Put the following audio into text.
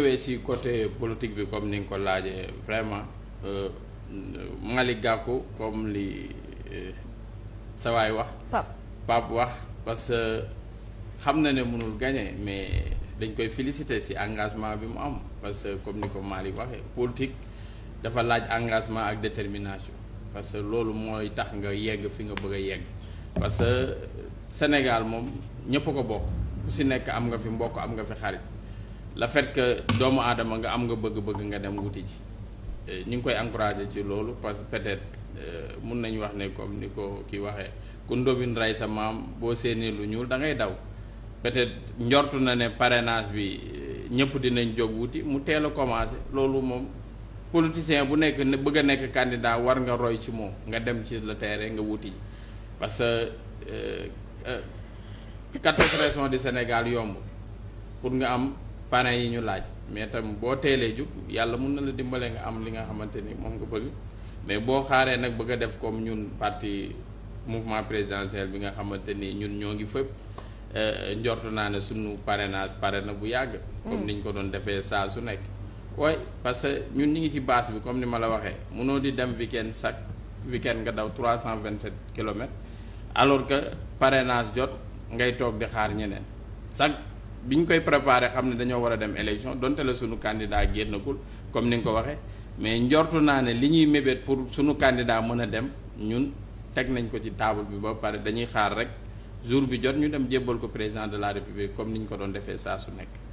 ñëwee si côté politique bi comme ni nga ko laajee vraiment euh, Malick Gakou comme li euh, sawaay wax Pape wax parce que xam na ne mënul gagner mais dañ koy féliciter si engagement bi mu am parce que comme ni ko Malick waxee politique dafa laaj engagement ak détermination parce que loolu mooy tax nga yegg fi nga bëgg a yegg parce que Sénégal moom ñëpp ko bokk ku si nekk am nga fi mbokk am nga fi xarit le fait que doomu aadama nga am nga bëgg-bëgg nga dem wuti ci euh, ñu ngi koy encouragé ci loolu parce que peut-être euh, mun nañu wax ne comme ni ko kii waxee ku ndóbin rey sa maam boo séenee lu ñuul da ngay daw peut-être njortu na ne parrainage bi euh, ñëpp dinañ jog wuti mu teel a commencé loolu moom politicien bu nekk bëgg a nekk candidat war nga roy ci moom nga dem ci le terrain nga wuti ji parce que quatorze régions du Sénégal yomb pour nga am parents yi ñu laaj mais tam boo teelee jug yàlla mun na la dimbalee nga am li nga xamante ni moom nga bëgg mais boo xaaree nag bëgg a def comme ñun parti mouvement présidentiel bi nga xamante ni ñun ñoo ngi fépp euh, njortu naa ne sunu parrainage pare na bu yàgg. comme mm. ni ñu ko doon defee saa su nekk. waaye parce que ñun ñi ngi ci base bi comme ni ma la waxee munoo di dem weekend chaque weekend nga daw trois cent vingt sept kilomètres alors que parrainage jot ngay toog di xaar ñeneen chaque bi ñu koy préparer xam ne dañoo war a dem élection donte la sunu candidat génnagul comme ni nga ko waxee mais njortu naa ne li ñuy mébét pour sunu candidat mën a dem ñun teg nañ ko ci table bi ba pare dañuy xaar rek jour bi jot ñu dem jébbal ko président de la république comme ni ñu ko doon defee saa su nekk.